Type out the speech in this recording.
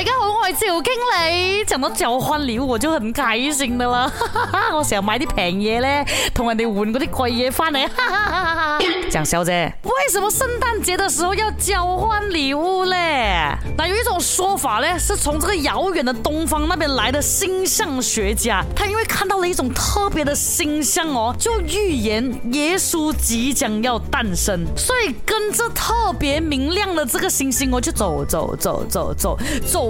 大家好，我係趙經理，講到交換禮物我就很開心的了，真係唔體算噶啦！我成日買啲平嘢咧，同人哋換嗰啲貴嘢翻嚟。蔣小姐，為什麼聖誕節的時候要交換禮物咧？嗱，有一種說法咧，是從這個遙遠的東方那邊來的星象學家，他因為看到了一種特別的星象哦，就預言耶穌即將要誕生，所以跟着特別明亮的這個星星，哦，我就走走走走走走。走走